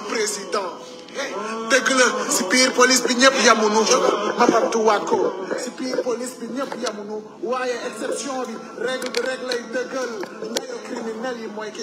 président dëgg la biir police bi ñëpp yamunu mapamtu wàkko si biir police bi ñëpp yamunu waaye exception bi règle bi règle lay dëggal ndayu criminel yi mooy ki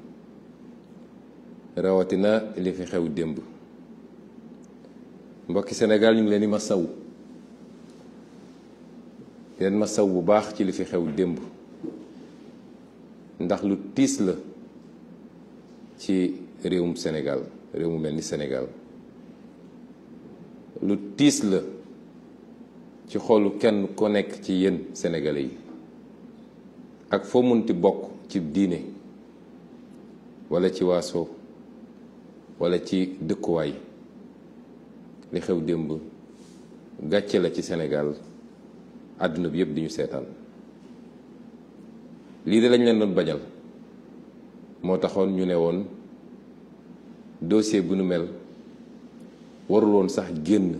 rawatina li fi xew démb mbokki senegal yu ngi leen di masawu leen masawu bu baax ci li fi xew démb ndax lu tiis la ci réewum Sénégal réew mu mel ni Sénégal lu tiis la ci xolu kenn ko nekk ci yéen sénégalais yi ak foo munti bokk ci diine walla ci waaso wala ci dëkkuwaay li xew démb gàcce la ci Sénégal àdduna bi yëpp di ñu seetaan lii de lañ leen doon bañal moo taxoon ñu ne woon dossier bu nu mel warul woon sax génn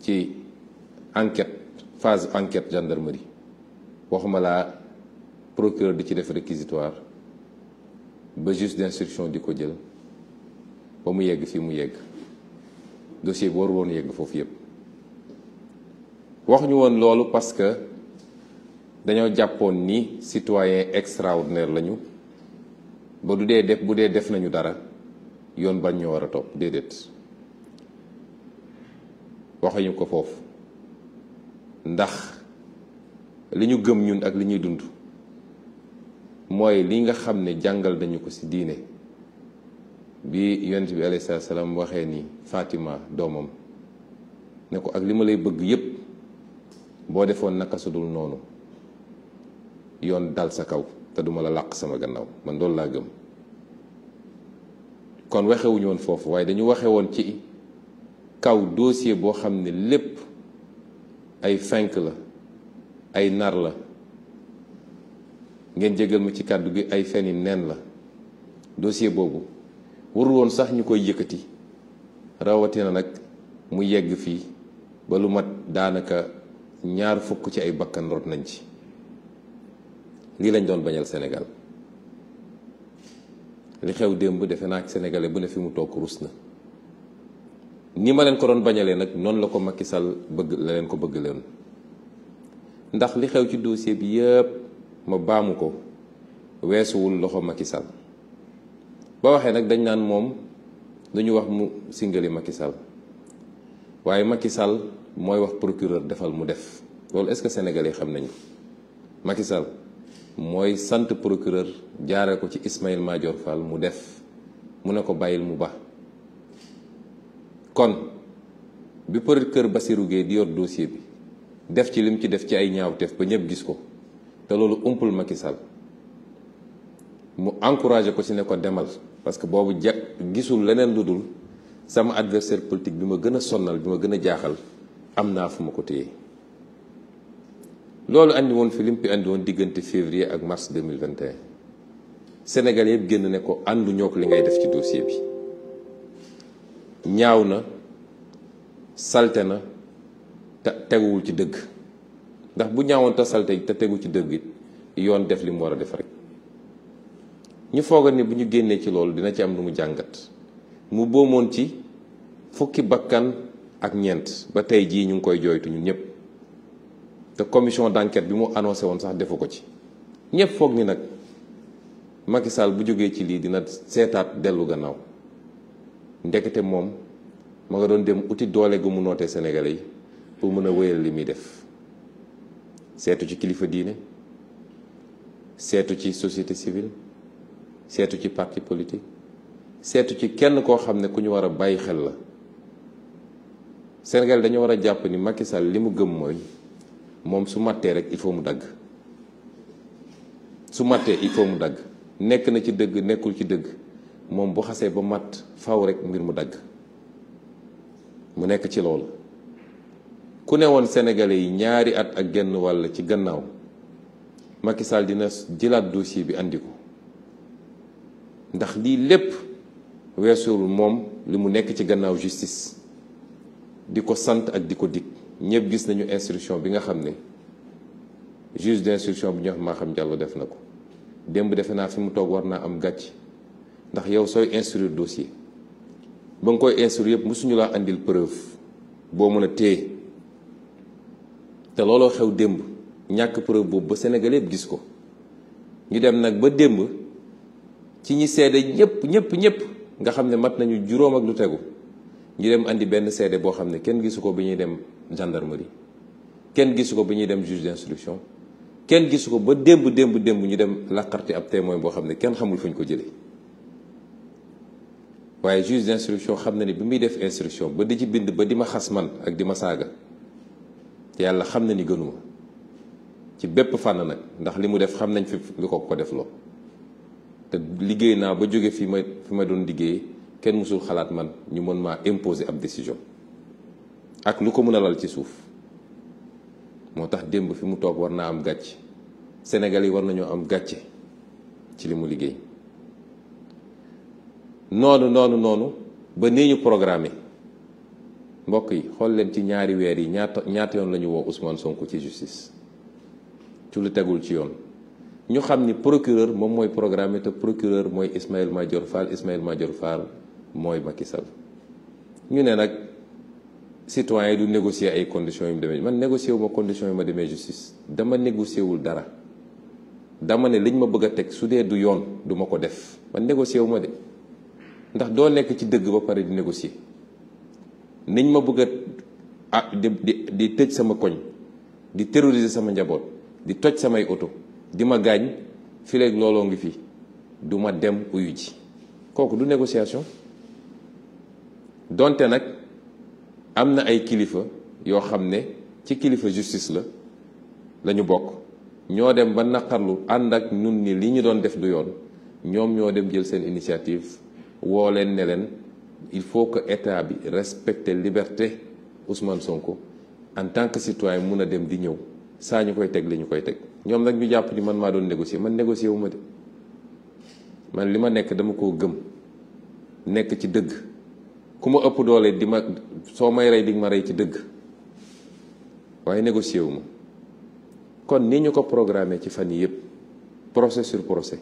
ci enquête phase enquête gendarmerie waxuma laa procureur di ci def réquisitoire ba juge d'instruction di ko jël ba mu yegg fii mu yegg dossier bi waru woon yegg foofu yëpp waxuñu woon loolu parce que dañoo jàppoon ni citoyen extraordinaire lañu ba du dee def bu dee def nañu dara yoon bañ ñu war a topp déedéet waxuñu ko foofu ndax li ñu gëm ñun ak li ñuy dund mooy li nga xam ne jàngal nañu ko ci diine bi yonent bi alayhi salaam waxee ni Fatima doomam ne ko ak li ma lay bëgg yépp boo defoon naka su noonu yoon dal sa kaw te duma la làq sama gannaaw man loolu laa gëm kon waxewuñu woon foofu waaye dañu waxe woon ci kaw dossier boo xam ne lépp ay fenk la ay nar la ngeen jégal ma ci kàddu gi ay feni neen la dossier boobu waru woon sax ñu koy yëkkati rawatina nag mu yegg fii ba lu mat daanaka ñaar fukk ci ay bakkan rot nañ ci lii lañ doon bañal senegal li xew démb defe naa ak sénégalais bu ne fi mu toog rus na ni ma leen ko doon bañalee nag noonu la ko Macky Sall bëgg la leen ko bëgg leen ndax li xew ci dossier bi yëpp ma baamu ko weesuwul loxo makki sal ba waxee nag dañ naan moom dañu wax mu singali Macky Sall waaye Macky Sall mooy wax procureur defal mu def loolu est-ce que sénégalais xam nañu Macky Sall mooy sant procureur jaare ko ci Ismaïla Madior Fall mu def mu ne ko bàyyil mu ba kon bi procureur Bassirou Guèye di yor dossier bi def ci lim ci def ci ay ñaawteef ba ñëpp gis ko te loolu umpul Macky Sall mu encouragé ko ci ne ko demal parce que boobu jag gisul leneen lu dul sama adversaire politique bi ma gën a sonnal bi ma gën a jaaxal am naa fu ma ko téye loolu indi woon fi lim fi andi woon diggante février ak mars 2021 Sénégal yëpp génn ne ko àndu ñoo ko li ngay def ci dossier bi ñaaw na salte na te teguwul ci dëgg ndax bu ñaawoon te salte te tegu ci dëgg yoon def li mu war a def rek ñu foogal ni bu ñu génnee ci loolu dina ci am lu mu jàngat mu boomoon ci fukki bakkan ak ñeent ba tey jii ñu ngi koy jooytu ñun ñëpp te commission d'enquête bi mu annoncé woon sax defu ko ci ñëpp foog ni nag Macky Sall bu jógee ci lii dina seetaat dellu gannaaw ndekete moom ma nga doon dem uti doole gu mu nootee Sénégalais yi pour mën a wéyal li muy def seetu ci kilifa diine seetu ci société civile seetu ci parti politique seetu ci kenn koo xam ne ku ñu war a bàyyi xel la Sénégal dañu war a jàpp ni Macky Sall li mu gëm mooy moom su mattee rek il faut mu dagg su mattee il faut mu dagg nekk na ci dëgg nekkul ci dëgg moom bu xasee ba matt faw rek mbir mu dagg mu nekk ci loolu ku ne woon Sénégalais yi ñaari at ak genn wàll ci gannaaw Macky Sall dina jëlaat dossier bi andi ndax lii lépp weesuwul moom li mu nekk ci gannaaw justice di ko sant ak di ko dikk ñëpp gis nañu instruction bi nga xam ne juge d'instruction bi ñoo xam maa xam Diallo def na ko démb defe naa fi mu toog war naa am gàcc ndax yow sooy instruire dossier ba nga koy instruire yëpp mosuñu laa andil preuve boo mën a téye te looloo xew démb ñàkk preuve boobu ba Sénégal gis ko ñu dem nag ba démb ci ñi seede ñëpp ñëpp ñëpp nga xam ne mat nañu juróom ak lu tegu ñu dem indi benn seede boo xam ne kenn gisu ko bi ñuy dem gendarmerie kenn gisu ko bi ñuy dem juge d'instruction kenn gisu ko ba démb démb démb ñu dem làqarti ab témoin boo xam ne kenn xamul fu ñu ko jële waaye juge d'instruction xam na ni bi muy def instruction ba di ci bind ba di ma xas man ak di ma saaga te yàlla xam na ni gënuma ci bépp fànn nag ndax li mu def xam nañ fi lu ko ko def loo te liggéey naa ba jóge fi ma fi ma doon liggéey kenn mësul xalaat man ñu mën maa imposer ab décision ak lu ko mën a lal ci suuf moo tax démb fi mu toog war naa am gàcce Sénégal yi war nañoo am gàcce ci li mu liggéey noonu noonu noonu ba nii ñu programmé mbokk yi xool leen ci ñaari weer yi ñaata ñaata yoon la woo Ousmane Sonko ci justice ci lu tegul ci yoon ñu xam ni procureur moom mooy programme te procureur mooy Ismaïla Madior Fall Ismaïla Madior Fall mooy Macky Sall ñu ne nag citoyen du négocier ay conditions yu mu demee man négocier wu ma conditions yu ma demee justice dama négocier wul dara dama ne liñ ma bëgg a teg su dee du yoon duma ko def man négocier wu ma de ndax doo nekk ci dëgg ba pare di négocier niñ ma bëgg a ah di di tëj sama koñ di terroriser sama njaboot di toj samay oto. di ma gaañ fileeg looloo ngi fi du ma dem uyu ji kooku du négociation donte nag am na ay kilifa yoo xam ne ci kilifa justice la la bokk ñoo dem ba naqarlu ànd ak nun ni li ñu doon def du yoon ñoom ñoo dem jël seen initiative woo leen ne leen il faut que état bi respecte liberté Ousmane Sonko en tant que citoyen mun a dem di ñëw saa ñu koy teg lañu koy teg ñoom nag ñu jàpp ni man maa doon négocier man négocier wu ma de man li ma nekk dama koo gëm nekk ci dëgg ku ma ëpp doole di ma soo may rey di ma rey ci dëgg waaye négocier wu ma kon ni ñu ko programmé ci fan yii yëpp procès sur procès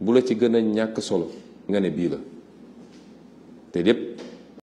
bu la ci gën a ñàkk solo nga ne bii la te lépp